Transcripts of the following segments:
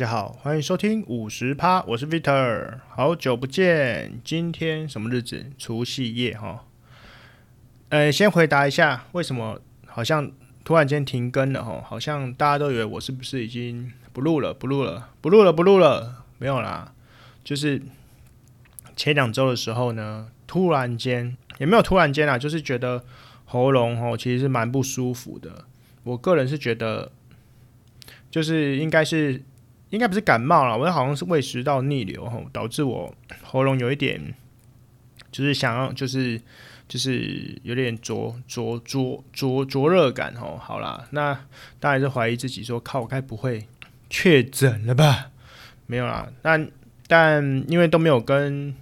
大家好，歡迎收聽五十趴，我是 Vitor，好久不見。今天什麼日子？除夕夜哦。哎、呃，先回答一下，為什麼好像突然間停更了哦，好像大家都以為我是不是已經不錄了？不錄了？不錄了？不錄了，了？沒有啦，就是前兩周的時候呢，突然間也沒有突然間啦，就是覺得喉嚨齁其實是蠻不舒服的。我個人是覺得，就是應該是。應該不是感冒了，我好像是胃食道逆流吼，導致我喉嚨有一點，就是想要，就是就是有點灼灼灼灼灼熱感吼。好啦，那大家就懷疑自己說：“靠，我該不會確診了吧？”沒有啦，那但，但因為都沒有跟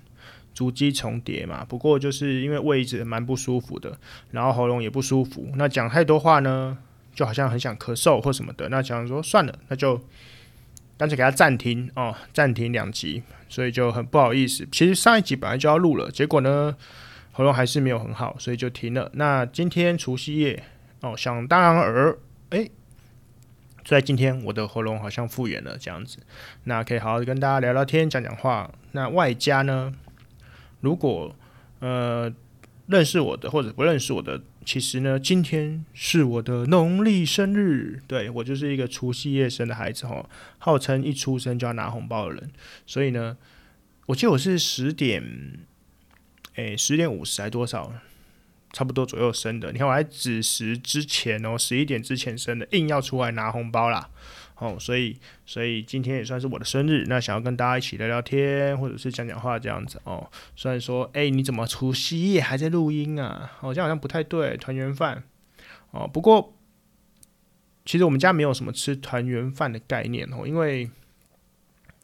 足跡重疊嘛，不過就是因為位置蠻不舒服的，然後喉嚨也不舒服，那講太多話呢，就好像很想咳嗽或什麼的。那想說算了，那就。但是給它暫停哦，暫停兩集，所以就很不好意思。其實上一集本來就要錄了，結果呢，喉嚨還是沒有很好，所以就停了。那今天除夕夜哦，想當然而、欸、哎，在今天我的喉嚨好像復原了這樣子，那可以好好跟大家聊聊天、講講話。那外加呢，如果呃認識我的或者不認識我的。其實呢，今天是我的農曆生日，對我就是一個除夕夜生的孩子哈，號稱一出生就要拿紅包的人，所以呢，我記得我是十點，誒，十點五十還多少，差不多左右生的，你看我還子時之前哦，十一點之前生的，硬要出來拿紅包啦。哦，所以所以今天也算是我的生日，那想要跟大家一起聊聊天，或者是講講話這樣子哦。雖然說，誒、欸，你怎麼除夕夜還在錄音啊？好像好像不太對，團圓飯哦。不過其實我們家沒有什麼吃團圓飯的概念哦，因為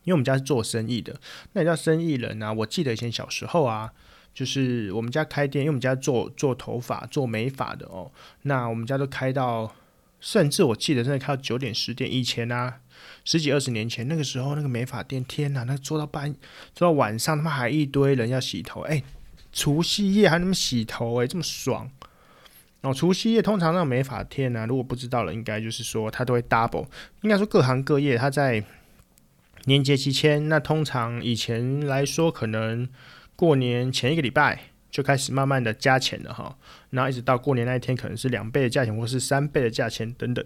因為我們家是做生意的，那也叫生意人啊。我記得以前小時候啊，就是我們家開店，因為我們家做做頭髮、做美髮的哦。那我們家都開到。甚至我記得真的開到九點10、十點以前啊，十幾二十年前那個時候，那個美髮店，天吶，那做到半做到晚上，他媽還一堆人要洗頭，哎、欸，除夕夜還那麼洗頭、欸，哎，這麼爽。然、哦、後除夕夜通常那美髮店啊，如果不知道了，應該就是說他都會 double，應該說各行各業他在年節期間，那通常以前來說，可能過年前一個禮拜。就開始慢慢的加錢了哈，然後一直到過年那一天，可能是兩倍的價錢，或是三倍的價錢等等。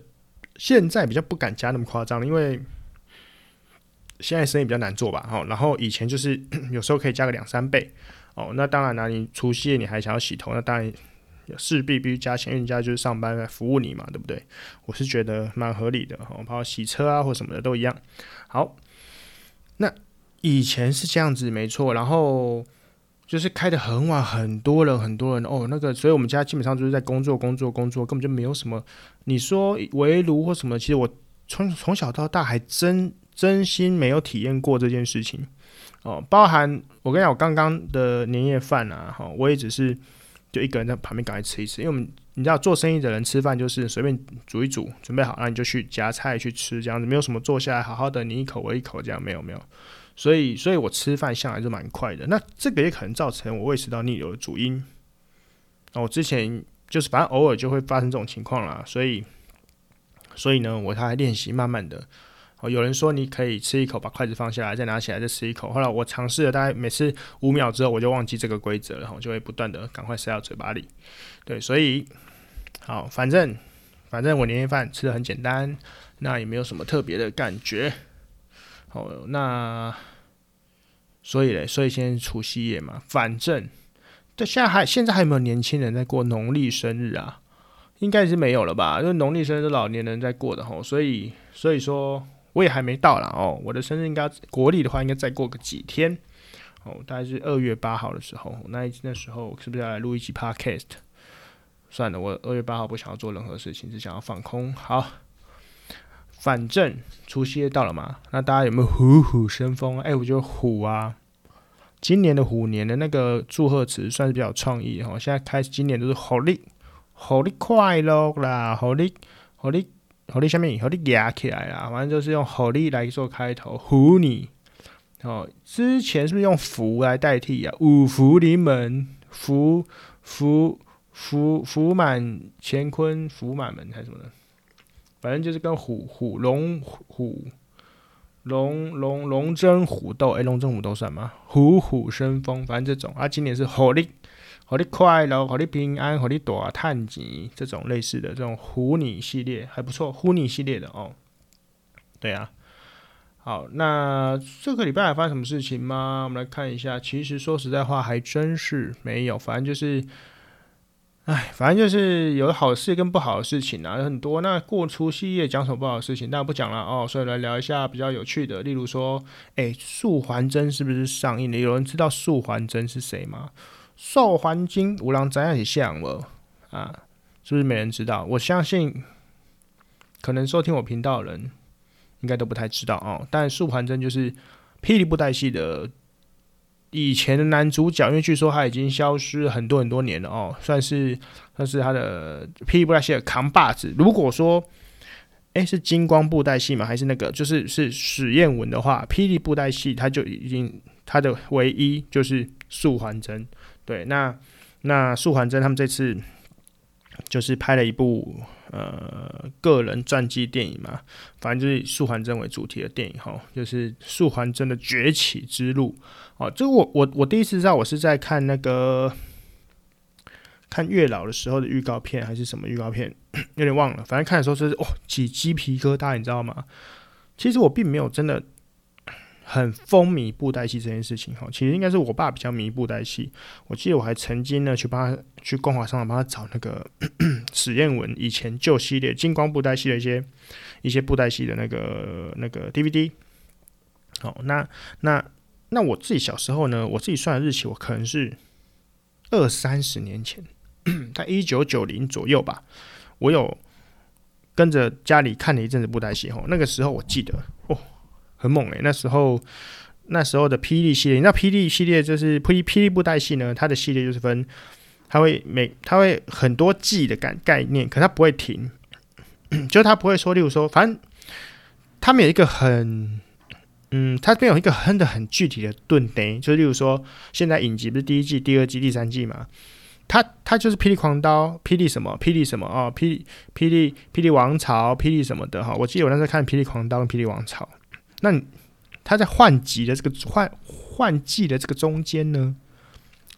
現在比較不敢加那麼誇張了，因為現在生意比較難做吧哈。然後以前就是有時候可以加個兩三倍哦。那當然啦，啊，你除夕夜你還想要洗頭，那當然勢必必須加錢，因為人家就是上班來服務你嘛，對不對？我是覺得蠻合理的哈，包括洗車啊或什麼的都一樣。好，那以前是這樣子沒錯，然後。就是開得很晚，很多人，很多人哦，那個，所以我們家基本上就是在工作，工作，工作，根本就沒有什麼。你說圍爐或什麼，其實我從從小到大還真真心沒有體驗過這件事情。哦，包含我跟你講，我剛剛的年夜飯啊，哈、哦，我也只是就一個人在旁邊趕快吃一吃，因為我們你知道做生意的人吃飯就是隨便煮一煮，準備好，然後你就去夾菜去吃這樣子，沒有什麼坐下來好好的你一口我一口這樣，沒有沒有。所以，所以我吃飯向來是蠻快的，那這個也可能造成我胃食道逆流的主因。我、哦、之前就是，反正偶爾就會發生這種情況啦。所以，所以呢，我還練習慢慢的。哦，有人說你可以吃一口，把筷子放下來，再拿起來再吃一口。後來我嘗試了，大概每次五秒之後，我就忘記這個規則了，我、哦、就會不斷的趕快塞到嘴巴裡。對，所以，好、哦，反正，反正我年夜飯吃的很簡單，那也沒有什麼特別的感覺。好、哦，那。所以嘞，所以現在是除夕夜嘛，反正，對，現在還現在還有沒有年輕人在過農曆生日啊？應該是沒有了吧，因為農曆生日是老年人在過的吼，所以所以說我也還沒到啦、喔。哦，我的生日應該國曆的話應該再過個幾天，哦、喔，大概是二月八號的時候，那那時候是不是要來錄一期 Podcast？算了，我二月八號不想要做任何事情，只想要放空。好，反正除夕夜到了嘛，那大家有沒有虎虎生風？哎、欸，我覺得虎啊！今年的虎年的那個祝賀詞算是比較創意哈，現在開始今年都是虎哩，虎哩快樂啦，虎哩，虎哩，虎哩，下面虎哩壓起來了，反正就是用虎哩來做開頭“虎哩”。哦，之前是不是用“福”來代替啊？“五福臨門”，“福福福福滿乾坤”，“福滿門”還是什麼的，反正就是跟虎、虎、龍、虎。龍龍龍爭虎鬥，哎，龍爭虎鬥算嗎？虎虎生風，反正這種啊，今年是虎哩，虎哩快樂，虎哩平安，虎哩大趁錢，這種類似的這種虎哩系列還不錯，虎哩系列的哦。對啊，好，那這個禮拜還發生什麼事情嗎？我們來看一下，其實說實在話還真是沒有，反正就是。哎，反正就是有好事跟不好的事情啊，有很多。那過除夕夜講什麼不好的事情，那不講了哦。所以來聊一下比較有趣的，例如說，哎、欸，素還真是不是上映的？有人知道素還真是誰嗎？素還真五郎長很像了啊，是不是沒人知道？我相信，可能收聽我頻道的人應該都不太知道哦、啊。但素還真就是霹靂布袋戲的。以前的男主角，因為據說他已經消失很多很多年了哦，算是算是他的霹靂布袋戲的扛把子。如果說，誒，欸，是金光布袋戲嘛，還是那個就是是史艷文的話，霹靂布袋戲他就已經他的唯一就是素還真。對，那那素還真他們這次就是拍了一部，呃，個人傳記電影嘛，反正就是以素還真為主題的電影哈，就是素還真的崛起之路。哦，這個我我我第一次知道，我是在看那個看月老的時候的預告片，還是什麼預告片？ 有點忘了。反正看的時候是哦，起雞皮疙瘩，你知道嗎？其實我並沒有真的。很風靡布袋戲這件事情哈，其實應該是我爸比較迷布袋戲。我記得我還曾經呢，去幫他去光華商場幫他找那個 史艷文以前舊系列金光布袋戲的一些一些布袋戲的那個那個 DVD。好，那那那我自己小時候呢，我自己算的日期，我可能是二三十年前，在一九九零左右吧，我有跟着家裡看了一陣子布袋戲哈。那個時候我記得哦。很猛誒，那時候那時候的霹靂系列，你知道霹靂系列就是霹靂霹靂布袋戲呢？它的系列就是分，它會每它會很多季的概概念，可它不會停，就它不會說，例如說，反正他們有一個很嗯，它這邊有一個很的很具體的盾等於就例如說現在影集不是第一季、第二季、第三季嘛？它它就是霹靂狂刀、霹靂什麼、霹靂什麼哦、霹靂霹靂霹靂王朝、霹靂什麼的哈。我記得我那時候看霹靂狂刀跟霹靂王朝。那他在換季的這個換換季的這個中間呢，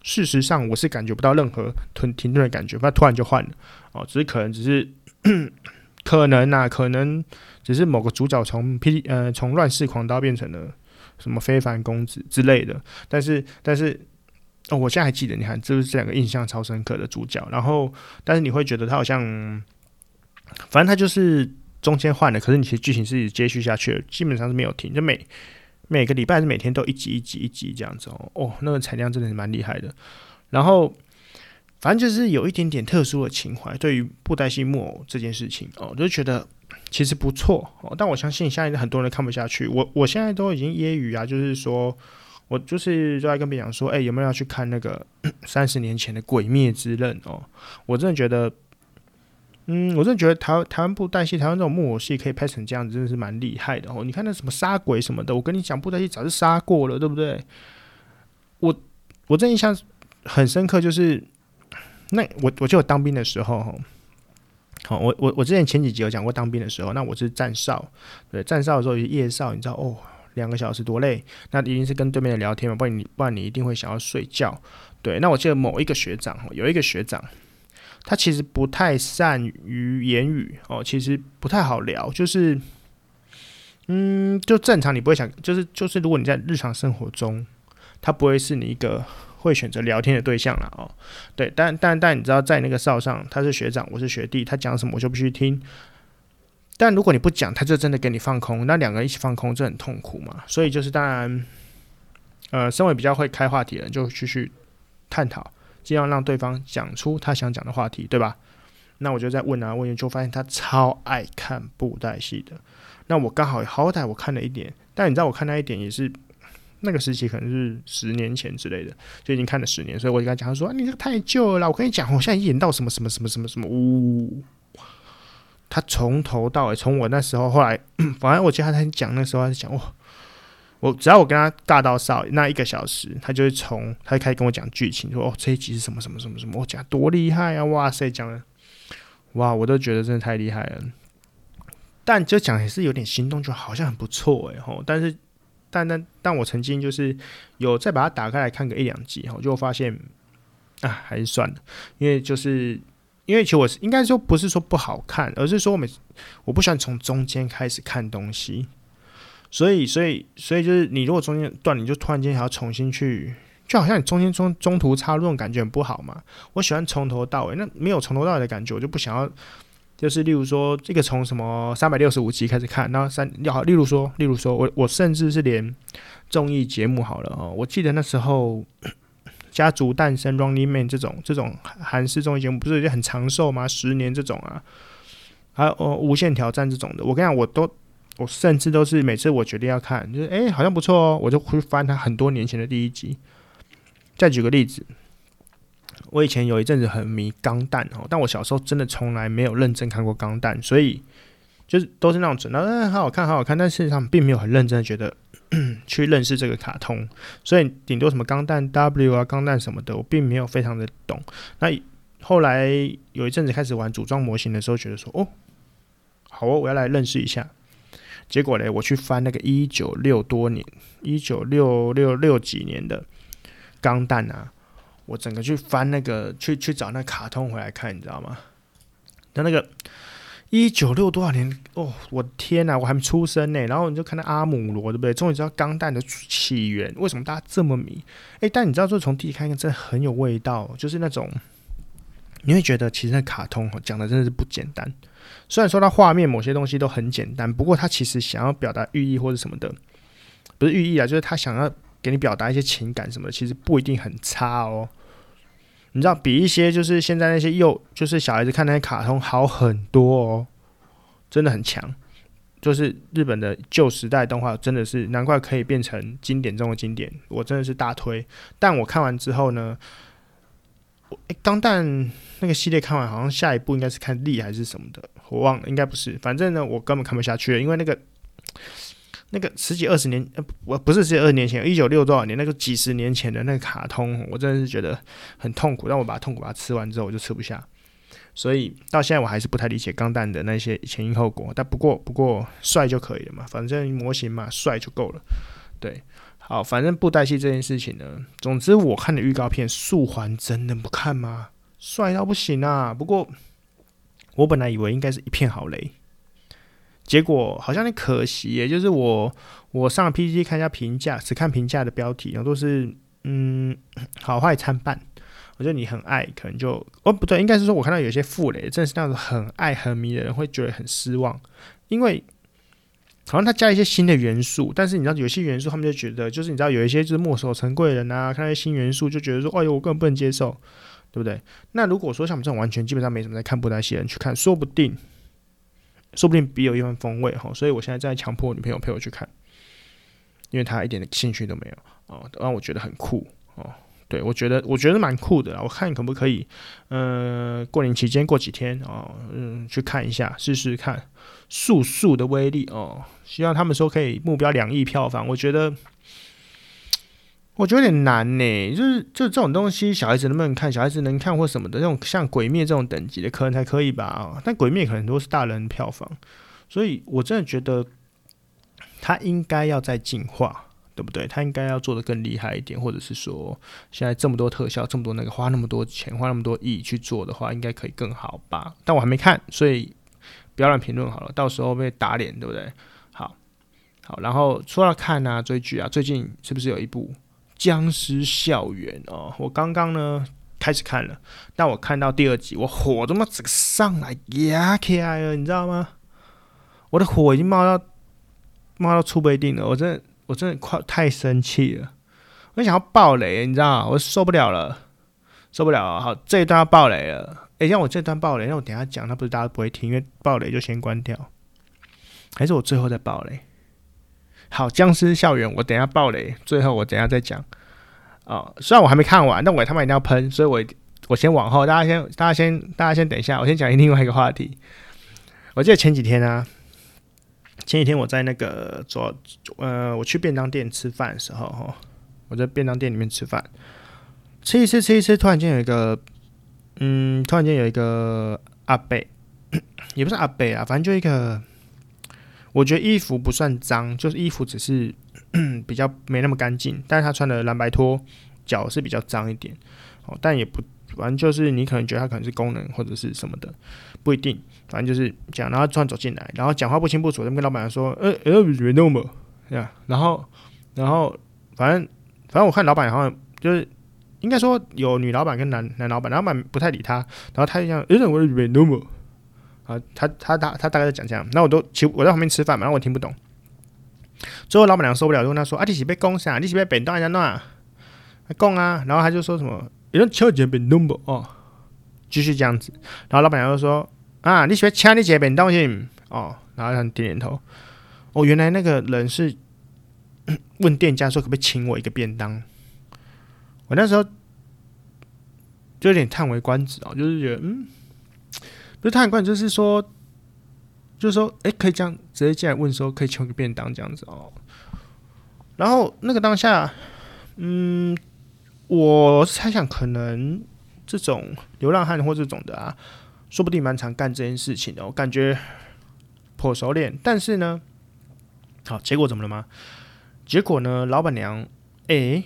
事實上我是感覺不到任何停停頓的感覺，不然突然就換了哦，只是可能只是可能吶、啊，可能只是某個主角從 P 呃從亂世狂刀變成了什麼非凡公子之類的，但是但是哦，我現在還記得，你看，就是這兩個印象超深刻的主角，然後但是你會覺得他好像，反正他就是。中間換了，可是你其實劇情是接續下去的，基本上是沒有停，就每每個禮拜是每天都一集一集一集這樣子哦。哦，那個產量真的是蠻厲害的。然後反正就是有一點點特殊的情懷，對於布袋戲木偶這件事情哦，就覺得其實不錯。哦。但我相信現在很多人看不下去，我我現在都已經揶揄啊，就是說我就是就在跟別人說，哎、欸，有沒有要去看那個三十年前的《鬼滅之刃》哦？我真的覺得。嗯，我真的覺得台灣、台灣布袋戲，台灣這種木偶戲可以拍成這樣子，真的是蠻厲害的哦。你看那什麼殺鬼什麼的，我跟你講，布袋戲早就殺過了，對不對？我我這印象很深刻，就是那我我記得我當兵的時候，好，我我我之前前幾集有講過當兵的時候，那我是站哨，對，站哨的時候夜哨，你知道哦，兩個小時多累，那一定是跟對面的聊天嘛，不然你不然你一定會想要睡覺。對，那我記得某一個學長，有一個學長。他其實不太善於言語哦，其實不太好聊，就是，嗯，就正常你不會想，就是就是如果你在日常生活中，他不會是你一個會選擇聊天的對象啦哦。對，但但但你知道，在那個哨上，他是學長，我是學弟，他講什麼我就必須聽。但如果你不講，他就真的給你放空，那兩個人一起放空，這很痛苦嘛。所以就是當然，呃，身為比較會開話題的人，就繼續探討。儘量讓對方講出他想講的話題，對吧？那我就在問啊問，就發現他超愛看布袋戲的。那我剛好好歹我看了一點，但你知道我看那一點也是那個時期，可能是十年前之類的，就已經看了十年。所以我就跟他講說、啊：“你這個太舊了。”我跟你講，我現在演到什麼什麼什麼什麼什麼，嗚、哦！他從頭到尾，從我那時候後來，反正我記得他在講那時候他在講我。我只要我跟他尬到少，那一個小時他就會從他就開始跟我講劇情，說哦這一集是什麼什麼什麼什麼，我、哦、講多厲害啊，哇塞講的，哇我都覺得真的太厲害了。但就講也是有點心動，就好像很不錯哎吼。但是但但但我曾經就是有再把它打開來看個一兩集，就我就發現啊，還是算了，因為就是因為其實我是應該說不是說不好看，而是說我們我不喜歡從中間開始看東西。所以，所以，所以就是你如果中間斷，你就突然間想要重新去，就好像你中間中中途插入，那種感覺很不好嘛。我喜歡從頭到尾，那沒有從頭到尾的感覺，我就不想要。就是例如說，這個從什麼三百六十五集開始看，然後三要例如說，例如說我我甚至是連綜藝節目好了哦、喔，我記得那時候《家族誕生》《Running Man》這種這種韓式綜藝節目不是就很長壽嗎？十年這種啊，還有哦、呃《無限挑戰》這種的，我跟你講，我都。我甚至都是每次我決定要看，就是哎、欸，好像不錯哦、喔，我就會翻它很多年前的第一集。再舉個例子，我以前有一陣子很迷《鋼彈》哦，但我小時候真的從來沒有認真看過《鋼彈》，所以就是都是那種子。那，哎，好好看，好好看，但事實上並沒有很認真的覺得 去認識這個卡通。所以頂多什麼《鋼彈 W》啊，《鋼彈》什麼的，我並沒有非常的懂。那後來有一陣子開始玩組裝模型的時候，覺得說，哦，好哦、喔，我要來認識一下。結果嘞，我去翻那個一九六多年，一九六六六幾年的鋼彈啊，我整個去翻那個去去找那卡通回來看，你知道嗎？那那個一九六多少年？哦，我的天吶、啊，我還沒出生呢！然後你就看到阿姆羅，對不對？終於知道鋼彈的起源，為什麼大家這麼迷？哎、欸，但你知道，就是從第一看，看真的很有味道，就是那種。你會覺得其實那卡通講的真的是不簡單，雖然說它畫面某些東西都很簡單，不過它其實想要表達寓意或者什麼的，不是寓意啊，就是他想要給你表達一些情感什麼的，其實不一定很差哦。你知道比一些就是現在那些幼就是小孩子看那些卡通好很多哦，真的很強，就是日本的舊時代動畫真的是難怪可以變成經典中的經典，我真的是大推。但我看完之後呢，欸，鋼彈那個系列看完，好像下一步應該是看力還是什麼的，我忘了，應該不是。反正呢，我根本看不下去了，因為那個那個十幾二十年，呃，不不是十幾二十年前，一九六多少年，那個幾十年前的那個卡通，我真的是覺得很痛苦。但我把痛苦把它吃完之後，我就吃不下。所以到現在我還是不太理解鋼彈的那些前因後果。但不過不過帥就可以了嘛，反正模型嘛，帥就夠了，對。好，反正布袋戲這件事情呢。總之，我看的預告片，素還真的不看嗎？帥到不行啊！不過，我本來以為應該是一片好雷，結果好像很可惜也就是我，我上了 PTT 看一下評價，只看評價的標題，然後都是嗯，好壞參半。我覺得你很愛，可能就哦不對，應該是說我看到有些負雷，正是那種很愛很迷的人會覺得很失望，因為。好像他加一些新的元素，但是你知道有些元素，他們就覺得就是你知道有一些就是墨守成規的人啊，看那些新元素就覺得說，哎呦，我根本不能接受，對不對？那如果說像我們這種完全基本上沒什麼在看布袋戲的人去看，說不定，說不定別有一番風味，哦，所以我現在正在強迫我女朋友陪我去看，因為她一點的興趣都沒有哦，讓我覺得很酷哦。對我覺得我覺得蠻酷的，我看你可不可以，嗯、呃，過年期間過幾天啊，哦，嗯，去看一下試試看，素素的威力哦。希望他們說可以目標兩億票房，我覺得，我覺得有點難呢。就是就這種東西，小孩子能不能看？小孩子能看或什麼的，那種像《鬼滅》這種等級的，可能才可以吧，喔。但《鬼滅》可能都是大人票房，所以我真的覺得，他應該要再進化，對不對？他應該要做得更厲害一點，或者是說，現在這麼多特效，這麼多那個花那麼多錢，花那麼多億去做的話，應該可以更好吧？但我還沒看，所以不要亂評論好了，到時候被打臉，對不對？好，然後除了看啊追劇啊，最近是不是有一部殭屍校園哦？我剛剛呢開始看了，但我看到第二集，我火這麼直上來呀開了，你知道嗎？我的火已經冒到冒到出杯定了，我真的我真的快太生氣了，我想要暴雷，你知道嗎？我受不了了，受不了了。好，這一段要暴雷了。誒，像我這段暴雷，那我等一下講，那不是大家不會聽，因為暴雷就先關掉，還是我最後再暴雷？好，殭屍校園，我等一下爆雷，最後我等一下再講。哦，雖然我還沒看完，但我他媽一定要噴，所以我我先往後，大家先，大家先，大家先等一下，我先講另外一個話題。我記得前幾天啊，前幾天我在那個昨，呃，我去便當店吃飯的時候，我在便當店裡面吃飯，吃一吃，吃一吃，突然間有一個，嗯，突然間有一個阿伯，也不是阿伯啊，反正就一個。我覺得衣服不算髒，就是衣服只是 比較沒那麼乾淨。但是他穿的藍白拖，腳是比較髒一點，哦，但也不，反正就是你可能覺得他可能是工人或者是什麼的，不一定。反正就是講，然後突然走進來，然後講話不清不楚，然後跟老闆娘說，呃，呃， 我覺得 n o m a l 對吧？然後，然後，反正，反正我看老闆好像就是應該說有女老闆跟男男老闆，老闆不太理他，然後他就樣，呃，我覺得 n o m a l 啊，他他大，他大概就講這樣，那我都，其實我在旁邊吃飯嘛，然後我聽不懂。最後老板娘受不了，就問他說：“啊，你是不是要講啥？你是喜歡便當還家哪？供啊？”然後他就說什麼：“有人敲錢便當吧。哦，繼續這樣子，然後老板娘就說：“啊，你喜歡敲你姐便當先哦。”然後他點點頭。哦，原來那個人是問店家說可不可以請我一個便當。我那時候就有點嘆為觀止啊，就是覺得嗯。就是他很怪，就是說，就是說，誒，可以這樣直接進來問說，可以求個便當這樣子哦。然後那個當下，嗯，我猜想可能這種流浪漢或這種的啊，說不定蠻常幹這件事情的，我感覺頗熟練。但是呢，好，結果怎麼了嗎？結果呢，老闆娘，誒，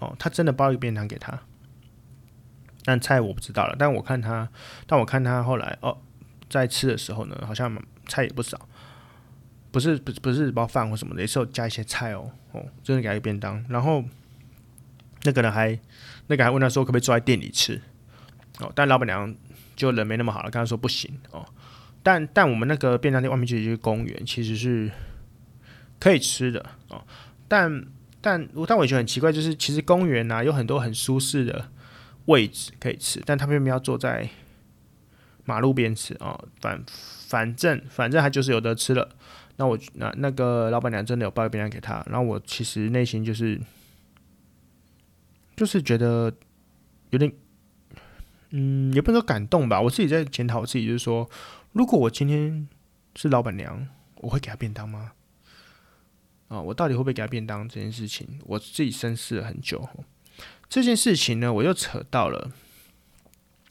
哦，她真的包一個便當給他。但菜我不知道了，但我看他，但我看他後來哦，在吃的時候呢，好像菜也不少，不是不是不是包飯或什麼的，有時候加一些菜哦哦，真的給他一個便當，然後那個人還那個還問他說可不可以坐在店裡吃，哦，但老闆娘就人沒那麼好了，跟他說不行哦，但但我們那個便當店外面其實就是一個公園，其實是可以吃的哦，但但但我覺得很奇怪，就是其實公園吶、啊、有很多很舒適的。位置可以吃，但他明明要坐在馬路邊吃啊、哦。反反正反正，反正他就是有得吃了。那我那那個老闆娘真的有包便當給他。那我其實內心就是就是覺得有點，嗯，也不能說感動吧。我自己在檢討我自己，就是說，如果我今天是老闆娘，我會給他便當嗎？啊、哦，我到底會不會給他便當這件事情，我自己深思了很久。這件事情呢，我又扯到了，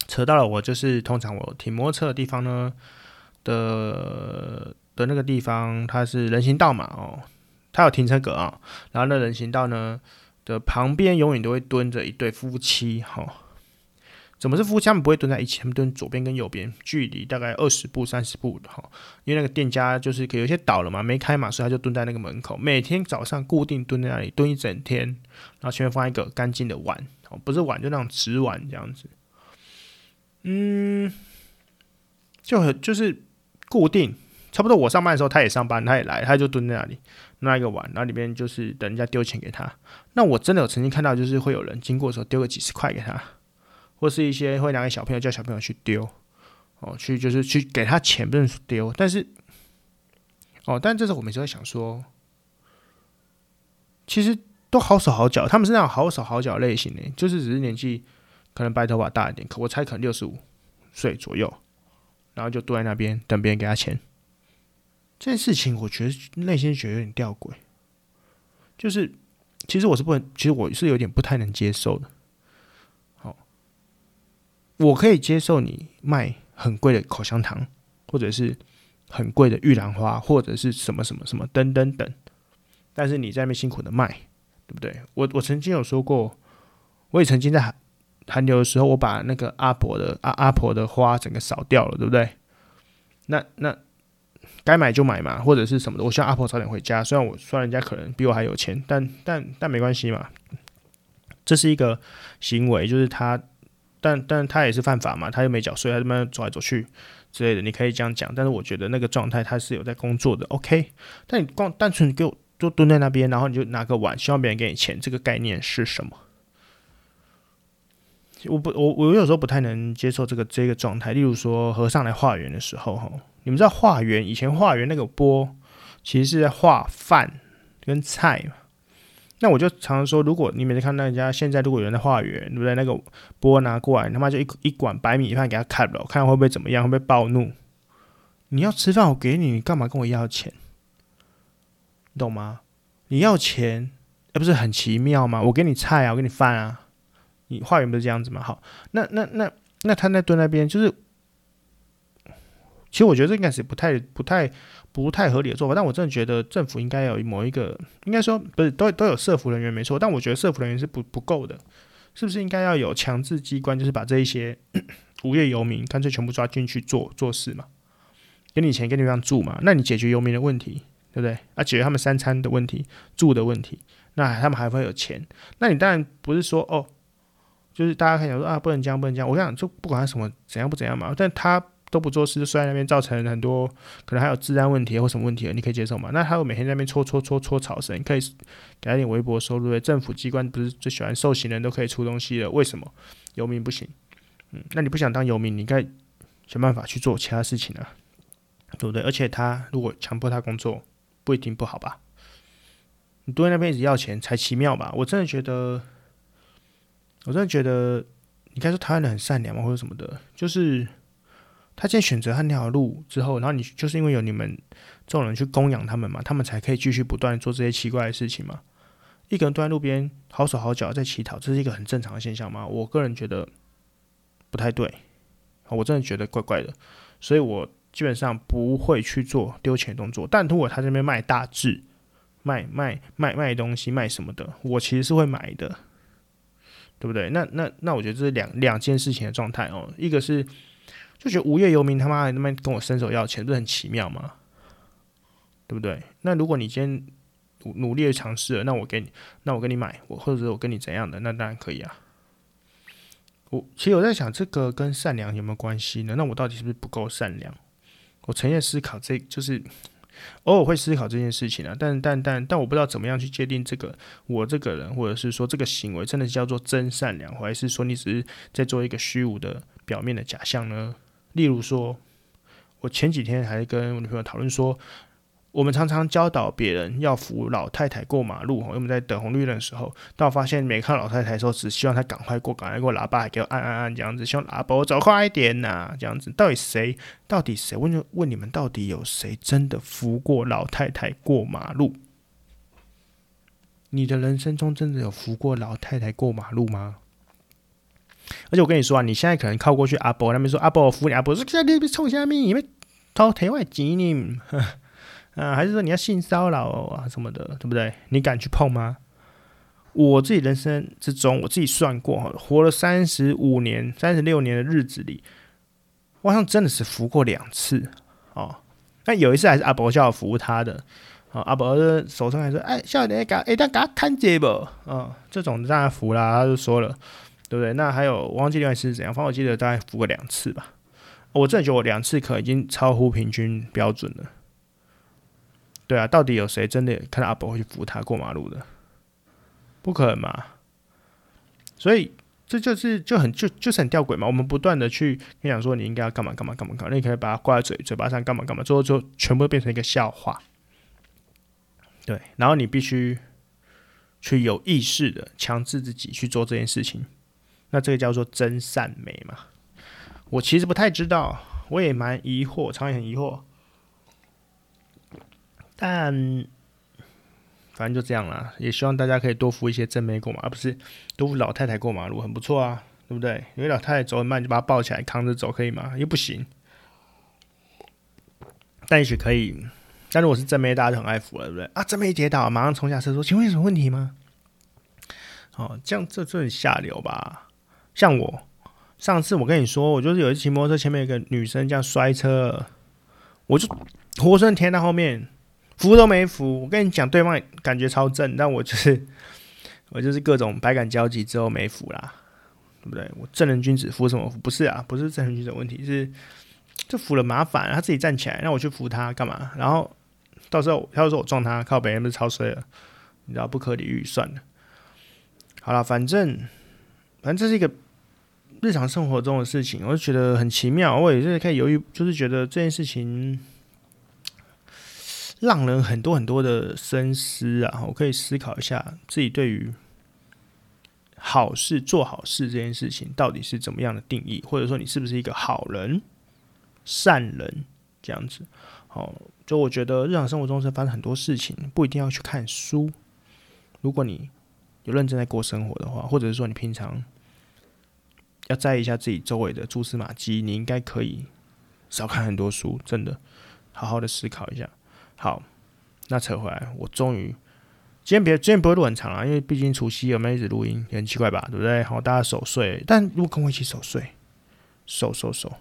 扯到了，我就是通常我停摩托車的地方呢的的那個地方，它是人行道嘛，哦，它有停車格啊、哦，然後那人行道呢的旁邊永遠都會蹲着一對夫妻，吼、哦。怎麼是？夫妻不會蹲在一起，他們蹲左邊跟右邊，距離大概二十步、三十步的哈。因為那個店家就是可以有些倒了嘛，沒開嘛，所以他就蹲在那個門口，每天早上固定蹲在那裡蹲一整天，然後前面放一個乾淨的碗，哦，不是碗就那種瓷碗這樣子。嗯，就很就是固定，差不多我上班的時候他也上班，他也來，他就蹲在那裡拿一個碗，然後裡面就是等人家丟錢給他。那我真的有曾經看到，就是會有人經過的時候丟個幾十塊給他。或是一些會拿給小朋友，叫小朋友去丟，哦，去就是去給他錢，不能丟。但是，哦，但這時候我們就會想說，其實都好手好腳，他們是那種好手好腳類型的，就是只是年紀可能白頭髮大一點，可我猜可能六十五歲左右，然後就坐在那邊等別人給他錢。這件事情，我覺得內心覺得有點弔詭，就是其實我是不能，其實我是有點不太能接受的。我可以接受你賣很貴的口香糖，或者是很貴的玉蘭花，或者是什麼什麼什麼等等等。但是你在外面辛苦的賣，對不對？我我曾經有說過，我也曾經在寒流的時候，我把那個阿婆的阿、啊、阿婆的花整個掃掉了，對不對？那那該買就買嘛，或者是什麼的，我希望阿婆早點回家。雖然我雖然人家可能比我還有錢，但但但沒關係嘛。這是一個行為，就是他。但但他也是犯法嘛，他又沒繳稅，他這邊走來走去之類的，你可以這樣講。但是我覺得那個狀態他是有在工作的，OK。但你光單純給我就就蹲在那邊，然後你就拿個碗，希望別人給你錢，這個概念是什麼？我不我我有時候不太能接受這個這個狀態。例如說和尚來化緣的時候，哈，你們知道化緣以前化緣那個缽，其實是在化飯跟菜嘛。那我就常常說，如果你每次看到人家現在如果有人在化緣，對不對？那個缽拿過來，你他媽就一一管白米飯給他砍了，看會不會怎麼樣，會不會暴怒？你要吃飯，我給你，你幹嘛跟我要錢？你懂嗎？你要錢，那、欸、不是很奇妙嗎？我給你菜啊，我給你飯啊，你化緣不是這樣子嗎？好，那那那那他在蹲那邊就是。其實我覺得這應該是不太、不太、不太合理的做法，但我真的覺得政府應該有某一個，應該說不是都都有社福人員沒錯，但我覺得社福人員是不不夠的，是不是應該要有強制機關，就是把這一些呵呵無業遊民乾脆全部抓進去做做事嘛，給你錢，給你地方住嘛，那你解決遊民的問題，對不對？啊，解決他們三餐的問題、住的問題，那他們還會有錢？那你當然不是說哦，就是大家開始說啊，不能這樣，不能這樣。我想就不管他什麼怎樣不怎樣嘛，但他。都不做事，就在那邊造成很多，可能還有治安問題或什麼問題，你可以接受嗎？那他會每天在那邊搓搓搓搓草繩，可以給他點微薄收入。政府機關不是最喜歡受刑人都可以出東西的，為什麼游民不行？嗯，那你不想當游民，你應該想辦法去做其他事情啊，對不對？而且他如果強迫他工作，不一定不好吧？你蹲在那邊一直要錢才奇妙吧？我真的覺得，我真的覺得，你該說台灣人很善良或者什麼的，就是。他現在選擇那條路之後，然後你就是因為有你們這種人去供養他們嘛，他們才可以繼續不斷做這些奇怪的事情嘛。一個人蹲在路邊好手好腳在乞討，這是一個很正常的現象嗎？我個人覺得不太對，我真的覺得怪怪的。所以我基本上不會去做丟錢的動作。但如果他這邊賣大誌，賣賣賣賣東西賣什麼的，我其實是會買的，對不對？那那那我覺得這是兩兩件事情的狀態哦，一個是。就覺得無業遊民他媽那邊跟我伸手要錢，這很奇妙嘛，對不對？那如果你今天努努力的嘗試了，那我給你，那我給你買，我或者是我跟你怎樣的，那當然可以啊。我其實我在想，這個跟善良有沒有關係呢？那我到底是不是不夠善良？我曾經思考這，這就是偶爾會思考這件事情啊。但但但但，但但我不知道怎麼樣去界定這個我這個人，或者是說這個行為，真的是叫做真善良，還是說你只是在做一個虛無的表面的假象呢？例如說，我前幾天還跟我女朋友討論說，我們常常教導別人要扶老太太過馬路，哈，我們在等紅綠燈的時候。到發現沒看老太太的時候，只希望她趕快過，趕快過，喇叭還給我按按按，這樣子，希望喇叭我走快一點吶、啊，這樣子。到底誰？到底誰？問就問你們，到底有誰真的扶過老太太過馬路？你的人生中真的有扶過老太太過馬路嗎？而且我跟你說啊，你現在可能靠過去阿伯那邊說，阿伯，我扶你阿婆。阿伯說：“現在你別衝蝦米，你們掏台灣錢你。嗯，還是說你要性騷擾啊、哦、什麼的，對不對？你敢去碰嗎？”我自己人生之中，我自己算過，活了三十五年、三十六年的日子裡，我好像真的是扶過兩次哦。那有一次還是阿伯叫我扶他的哦，阿伯的手上還說，哎笑點搞哎當搞看見不？嗯、哦，這種讓他扶啦、啊，他就說了。對不對？那還有，我忘記另外一次是怎樣。反正我記得大概扶過兩次吧。我真的覺得我兩次可能已經超乎平均標準了。對啊，到底有誰真的看到阿伯會去扶他過馬路的？不可能嘛！所以這就是就很就就是很吊詭嘛。我們不斷的去跟你講說你應該要幹嘛幹嘛幹嘛幹嘛，你可以把它掛在嘴嘴巴上幹嘛幹嘛，最後就全部變成一個笑話。對，然後你必須去有意識的強制自己去做這件事情。那這個叫做真善美嘛？我其實不太知道，我也蠻疑惑，常常也很疑惑。但反正就這樣啦，也希望大家可以多扶一些正妹過馬路，而不是多扶老太太過馬路，很不錯啊，對不對？因為老太太走很慢，就把她抱起來扛着走可以嗎？又不行。但也許可以。但如果是正妹，大家都很愛扶了，對不對？啊，正妹一跌倒，馬上衝下車說：“請問有什麼問題嗎？”哦，這樣這就很下流吧？像我上次我跟你說，我就是有一次騎摩托車，前面有個女生這樣摔車，我就活生生貼在後面，扶都沒扶。我跟你講，對方感覺超正，但我就是我就是各種百感交集之後沒扶啦，對不對？我正人君子扶什麼？不是啊，不是正人君子的問題，是就扶了麻煩，啊，他自己站起來，讓我去扶他幹嘛？然後到時候他又說我撞他，靠北人是超衰了，你知道，不可理喻，算了。好了，反正。反正這是一個日常生活中的事情，我就覺得很奇妙。我也是可以猶豫，就是覺得這件事情讓人很多很多的深思啊！我可以思考一下自己對於好事做好事這件事情到底是怎麼樣的定義，或者說你是不是一個好人、善人這樣子？哦，就我覺得日常生活中是發生很多事情，不一定要去看書。如果你有認真在過生活的話，或者是說你平常要在意一下自己周圍的蛛絲馬跡，你應該可以少看很多書。真的，好好的思考一下。好，那扯回來，我終於今天別今天不會錄很長啊，因為畢竟除夕有妹子錄音，也很奇怪吧，對不對？好、哦，大家守歲，但如果跟我一起守歲，守守守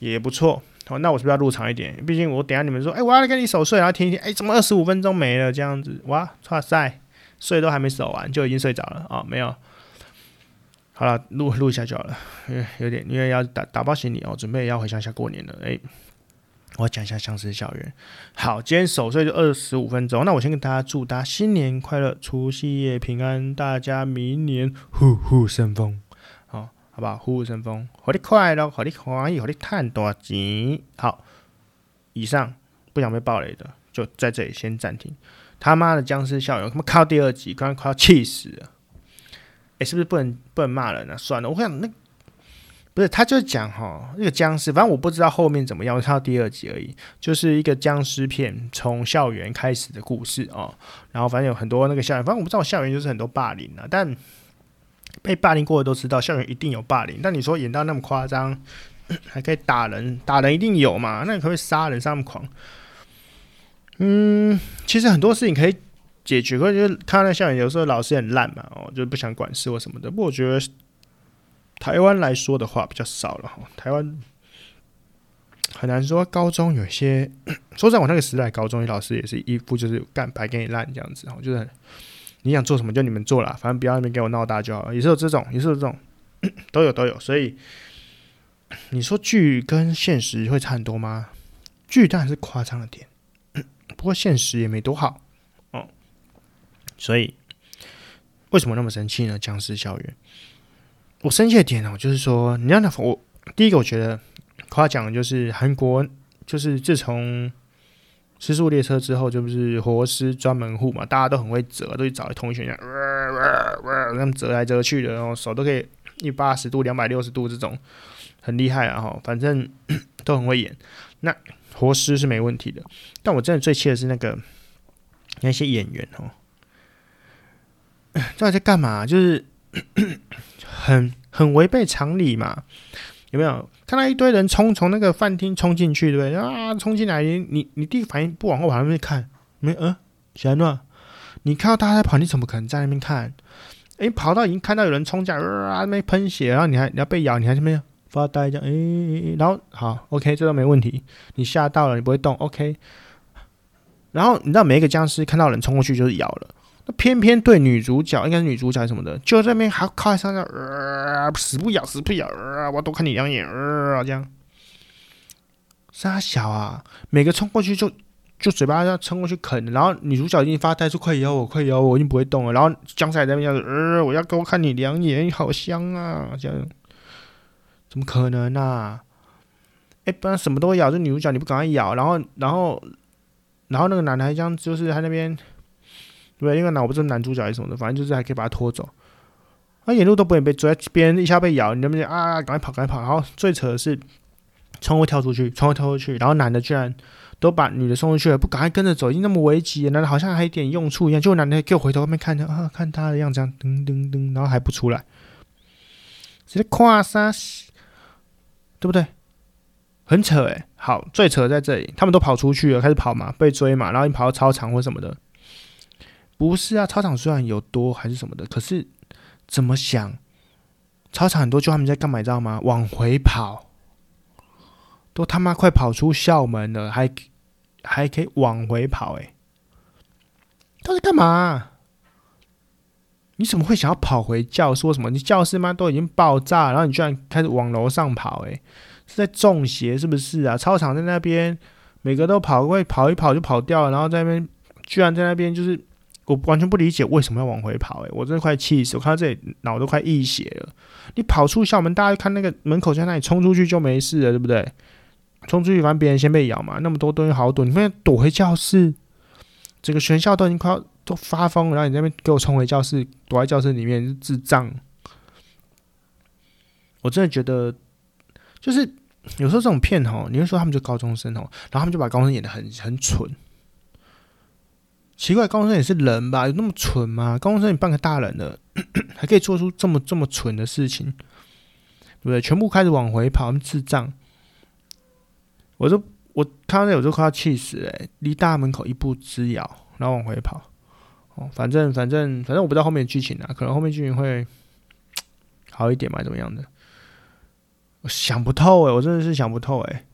也不錯。好，那我是不是要錄長一點？畢竟我等一下你們說，哎、欸，我要跟你守歲，然後聽一聽，哎、欸，怎麼二十五分鐘沒了這樣子？哇，哇塞！歲都還沒守完，就已經睡着了啊、哦？沒有，好了，錄錄一下就好了，因為有點，因為要打打包行李哦、喔，準備要回鄉下過年了。誒、欸，我講一下殭屍校園。好，今天守歲就二十五分鐘，那我先跟大家祝大家新年快樂，除夕夜平安，大家明年虎虎生風，好，好不好？虎虎生風，活得快樂，活得歡喜，活得賺大錢。好，以上不想被暴雷的，就在這裡先暫停。他媽的殭屍校園，他媽看到第二集，剛剛快要氣死了。誒、欸，是不是不能不能罵人啊？算了，我想那不是他就講哈，那、這個殭屍，反正我不知道後面怎麼樣，我看到第二集而已，就是一個殭屍片，從校園開始的故事哦、啊，然後反正有很多那個校園，反正我不知道校園就是很多霸凌啊。但被霸凌過的都知道，校園一定有霸凌。但你說演到那麼誇張，還可以打人，打人一定有嘛？那你可不可以殺人？殺那麼狂？嗯，其實很多事情可以解決，或者就是他那像有時候老師很爛嘛，哦，就是不想管事或什麼的。不過我覺得台灣來說的話比較少了，台灣很難說。高中有些，說在我那個時代，高中有老師也是一副就是干牌給你爛這樣子，我覺就是你想做什麼就你們做了，反正不要在那邊給我鬧大就好了。也是有這種，也是有這種，都有都有。所以你說劇跟現實會差很多嗎？劇當然是誇張的點。不過現實也沒多好，哦，所以為什麼那麼生氣呢？殭屍校園，我生氣的點哦，就是說，你讓他我第一個我覺得誇獎就是韓國，就是自從《屍速列車》之後，就不是活屍專門戶嘛，大家都很會折，都去找同學那樣哇哇哇，呃呃呃，這樣折來折去的，然後手都可以一百八十度、兩百六十度這種，很厲害啊！反正都很會演那。活屍是沒問題的，但我真的最氣的是那個那些演員哦，到底在幹嘛？就是很很違背常理嘛，有沒有？看到一堆人衝從那個飯廳衝進去，對不對啊？衝進來，你你，你第一個反應不往後往那邊看，沒嗯？安、呃、亂、啊？你看到他在跑，你怎麼可能在那邊看？哎、欸，跑到已經看到有人衝進來，啊，在那邊噴血，然後你還你要被咬，你還是沒有。發呆這樣，哎、欸欸欸，然後好，OK，這都沒問題。你嚇到了，你不會動，OK。然後你知道每一個僵屍看到人衝過去就是咬了，那偏偏對女主角應該是女主角什麼的，就在那邊還靠在上面，呃，死不咬，死不咬，呃，我都看你兩眼，呃，這樣。啥小啊，每個衝過去就就嘴巴要衝過去啃，然後女主角已經發呆說快咬我，快咬我，我已經不會動了。然後僵屍還在那邊叫，說呃，我要多看你兩眼，好香啊，這樣。怎麼可能呢、啊？哎、欸，一般什麼都會咬，這女主角你不趕快咬，然後，然後，然後那個男的還將就是他那邊，對，因為我不知道男主角還是什麼的，反正就是還可以把他拖走。他、啊、沿路都不會被追，別人一下被咬，你不邊啊，趕快跑，趕快跑。然後最扯的是，窗戶跳出去，窗戶跳出去，然後男的居然都把女的送出去了，不趕快跟着走，已經那麼危急，男的好像還有一點用處一樣，結果男的就回頭後面看他，啊，看他的樣子樣，噔噔噔，然後還不出來，直接跨三，對不對？很扯哎、欸，好，最扯在這裡，他們都跑出去了，開始跑嘛，被追嘛，然後你跑到操場或什麼的，不是啊？操場雖然有多還是什麼的，可是怎麼想，操場很多，就他們在幹嘛，你知道嗎？往回跑，都他媽快跑出校門了，還還可以往回跑、欸，哎，都在幹嘛？你怎麼會想要跑回教？說什麼你教室嗎都已經爆炸，然後你居然開始往樓上跑？誒，是在中邪是不是啊？操場在那邊，每個都跑會跑一跑就跑掉了，然後在那邊居然在那邊就是我完全不理解為什麼要往回跑？誒，我真的快氣死！我看到這裡腦都快溢血了。你跑出校門，大家看那個門口在那裡衝出去就沒事了，對不對？衝出去反正別人先被咬嘛，那麼多東西好躲，你為什麼躲回教室？整個學校都已經快要……都發瘋，然後你那邊給我衝回教室，躲在教室裡面智障。我真的覺得，就是有時候這種片哦，你會說他們就高中生哦，然後他們就把高中生演得很很蠢。奇怪，高中生也是人吧，有那麼蠢嗎？高中生你半個大人了，咳咳還可以做出這麼這麼蠢的事情，對不對？全部開始往回跑，他們智障。我都我看到有時候快要氣死哎、欸，離大門口一步之遙，然後往回跑。反正反正反正我不知道後面劇情啊，可能後面劇情會好一點嘛？怎麼樣的？我想不透哎、欸，我真的是想不透哎、欸。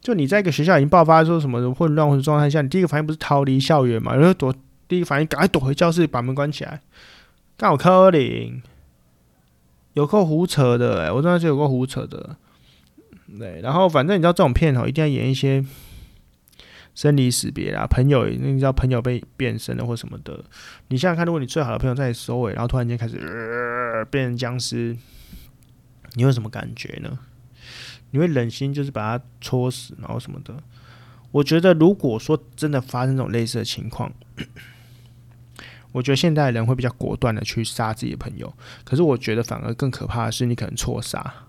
就你在一個學校已經爆發出什麼混亂或者狀態下，你第一個反應不是逃離校園嘛？然後躲，第一個反應趕快躲回教室，把門關起來。剛好科林，有夠胡扯的哎、欸！我真的是有夠胡扯的。對，然後反正你知道這種片頭一定要演一些。生離死別啦，朋友，你知道朋友被變身了或什麼的？你想想看，如果你最好的朋友在你收尾、欸，然後突然間開始、呃、變成殭屍，你有什麼感覺呢？你會忍心就是把他戳死，然後什麼的？我覺得，如果說真的發生這種類似的情況，我覺得現代人會比較果斷的去殺自己的朋友。可是，我覺得反而更可怕的是，你可能錯殺。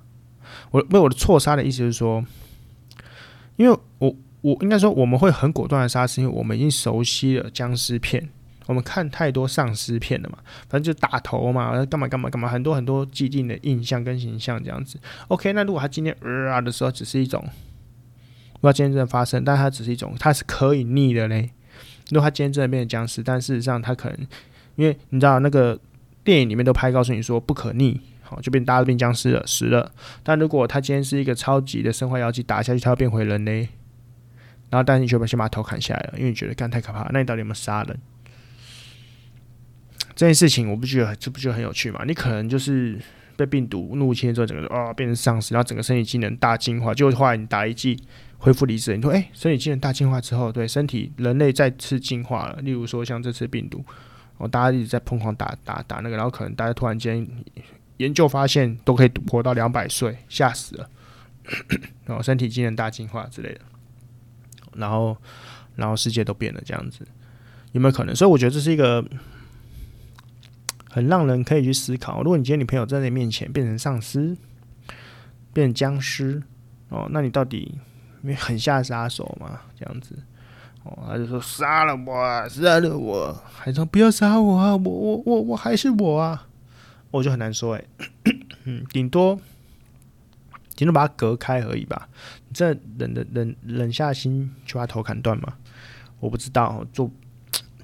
我，我的錯殺的意思就是說，因為我。我應該說，我們會很果斷的殺死，因為我們已經熟悉了僵屍片，我們看太多喪屍片了嘛，反正就打頭嘛，然後幹嘛幹嘛幹嘛，很多很多既定的印象跟形象這樣子。OK，那如果他今天、呃、啊的時候只是一種，那今天真的發生，但他只是一種，他是可以逆的嘞。如果他今天真的變成僵屍，但事實上他可能，因為你知道那個電影裡面都拍告訴你說不可逆，好就變大家都變僵屍了，死了。但如果他今天是一個超級的生化藥劑打下去，他要變回人嘞。然後，但是你就把先把頭砍下來了，因為你覺得幹太可怕。那你到底有沒有殺人？這件事情，我不覺得這不就很有趣嘛？你可能就是被病毒入侵之後，整個哦變成喪屍，然後整個身體機能大進化。就會你打一劑恢復理智，你說哎、欸，身體機能大進化之後，對身體人類再次進化了。例如說像這次病毒，然、哦、後大家一直在瘋狂打打打那個，然後可能大家突然間研究發現都可以活到兩百歲，嚇死了。然後、哦、身體機能大進化之類的。然後，然後世界都變了這樣子，有沒有可能？所以我覺得這是一個很讓人可以去思考。如果你今天女朋友在你面前變成喪屍，變成僵屍哦，那你到底沒很下殺手嗎？這樣子哦，他就說殺了我，殺了我，還說不要殺我啊！我我我我還是我啊！我就很難說哎、欸，嗯，頂多頂多把它隔開而已吧。這忍的忍，忍下心就把頭砍斷嗎？我不知道，做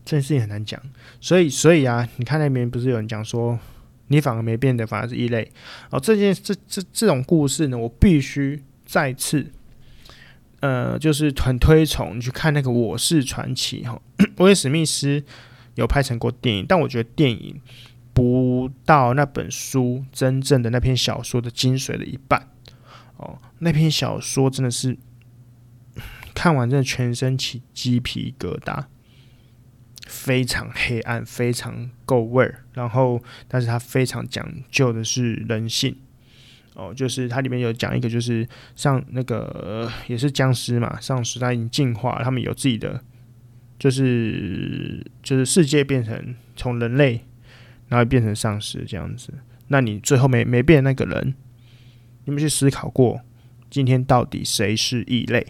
這件事情很難講。所以，所以啊，你看那邊不是有人講說，你反而沒變的，反而是異類。哦，這件這這這，這種故事呢，我必須再次，呃，就是很推崇你去看那個《我是傳奇》哈、哦。 威爾史密斯有拍成過電影，但我覺得電影不到那本書真正的那篇小說的精髓的一半。哦。那篇小說真的是看完，真的全身起雞皮疙瘩，非常黑暗，非常夠味兒。Wear, 然後，但是它非常講究的是人性哦，就是它裡面有講一個，就是上那個、呃、也是殭屍嘛，喪屍它已經進化了，他們有自己的，就是就是世界變成從人類，然後變成喪屍這樣子。那你最後沒沒變那個人，你有沒有去思考過？今天到底誰是異類，對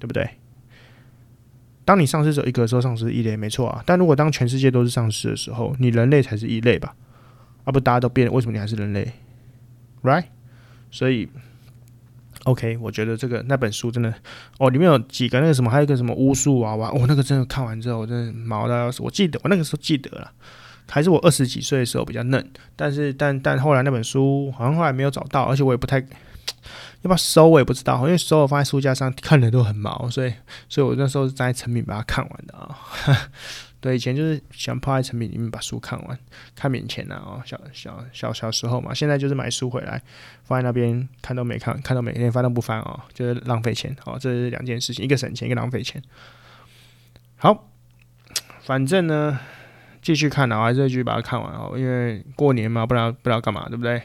不對？當你喪屍者一個的時候，喪屍異類沒錯啊，但如果當全世界都是喪屍的時候，你人類才是異類吧？啊不，大家都變了，為什麼你還是人類？Right？所以 OK，我覺得這個那本書真的哦，裡面有幾個那個什麼，還有一個什麼巫術娃娃我、哦、那個真的看完之後我真的毛到要死。我記得我那個時候記得了，還是我二十幾歲的時候比較嫩，但是但但後來那本書好像後來沒有找到，而且我也不太。要不要收我也不知道，因為收，我放在書架上，看的都很毛，所以，所以我那時候是在誠品把它看完的啊、喔。對，以前就是想泡在誠品裡面把書看完，看免錢啊。哦。小小小小，小時候嘛，現在就是買書回來放在那邊看都沒看，看都每天翻都不翻啊、喔，就是浪費錢、喔。哦，這是兩件事情，一個省錢，一個浪費錢。好，反正呢，繼續看啊，還是繼續把它看完哦、喔，因為過年嘛，不知道不知道幹嘛，對不對？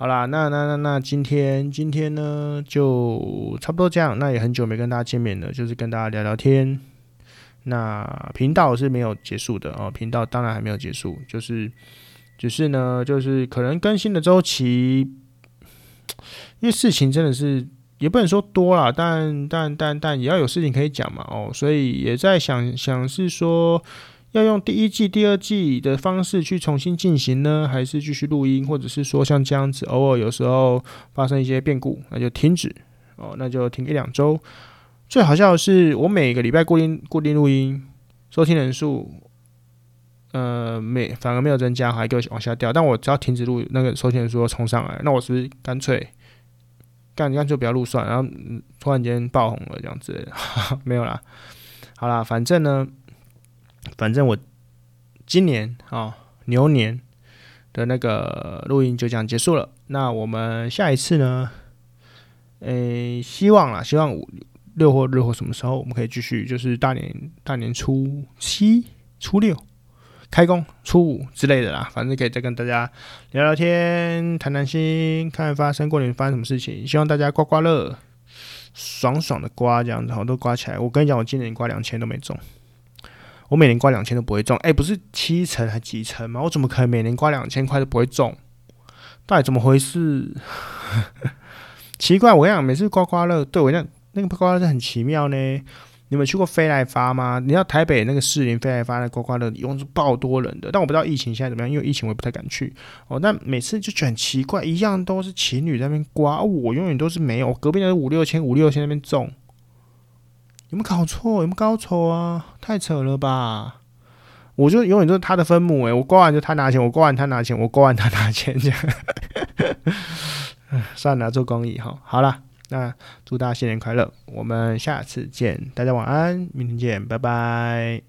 好啦，那那那那今天今天呢，就差不多這樣。那也很久沒跟大家見面了，就是跟大家聊聊天。那頻道是沒有結束的哦，頻道當然還沒有結束，就是只是呢，就是可能更新的週期，因為事情真的是也不能說多啦，但但但但也要有事情可以講嘛哦，所以也在想想是說。要用第一季、第二季的方式去重新進行呢，還是繼續錄音，或者是說像這樣子，偶爾有時候發生一些變故，那就停止哦，那就停一兩周。最好笑的是我每個禮拜固定固定錄音，收聽人數呃沒反而沒有增加，還給我往下掉。但我只要停止錄，那個收聽人數又衝上來，那我是不是乾脆乾乾脆不要錄算？然後突然間爆紅了這樣子呵呵，沒有啦，好啦，反正呢。反正我今年啊，哦，牛年的那個錄音就這樣結束了，那我們下一次呢？誒、欸，希望啦，希望五、六或日或什麼時候我們可以繼續，就是大年大年初七、初六開工，初五之類的啦。反正可以再跟大家聊聊天、談談心，看發生過年發生什麼事情。希望大家刮刮樂，爽爽的刮這樣子，好多都刮起來。我跟你講，我今年刮兩千都沒中。我每年刮兩千都不會中，誒、欸，不是七成還幾成嗎？我怎麼可能每年刮兩千塊都不會中？到底怎麼回事？ 奇怪，我跟你講，每次刮刮樂，對我講那,那個刮刮樂很奇妙呢。你有,沒有去過飛來發嗎？你知道台北那個士林飛來發的刮刮樂，以往是爆多人的。但我不知道疫情現在怎麼樣，因為疫情我也不太敢去哦。但每次就覺得很奇怪，一樣都是情侶在那邊刮，我永遠都是沒有，隔壁的五六千、五六千那邊中。有沒有搞錯？有沒有搞錯啊？太扯了吧！我就永遠都是他的分母誒、欸、我過完就他拿錢，我過完他拿錢，我過完他拿錢，哈哈 這樣，算了，做公益哈，好了，那祝大家新年快樂，我們下次見，大家晚安，明天見，拜拜。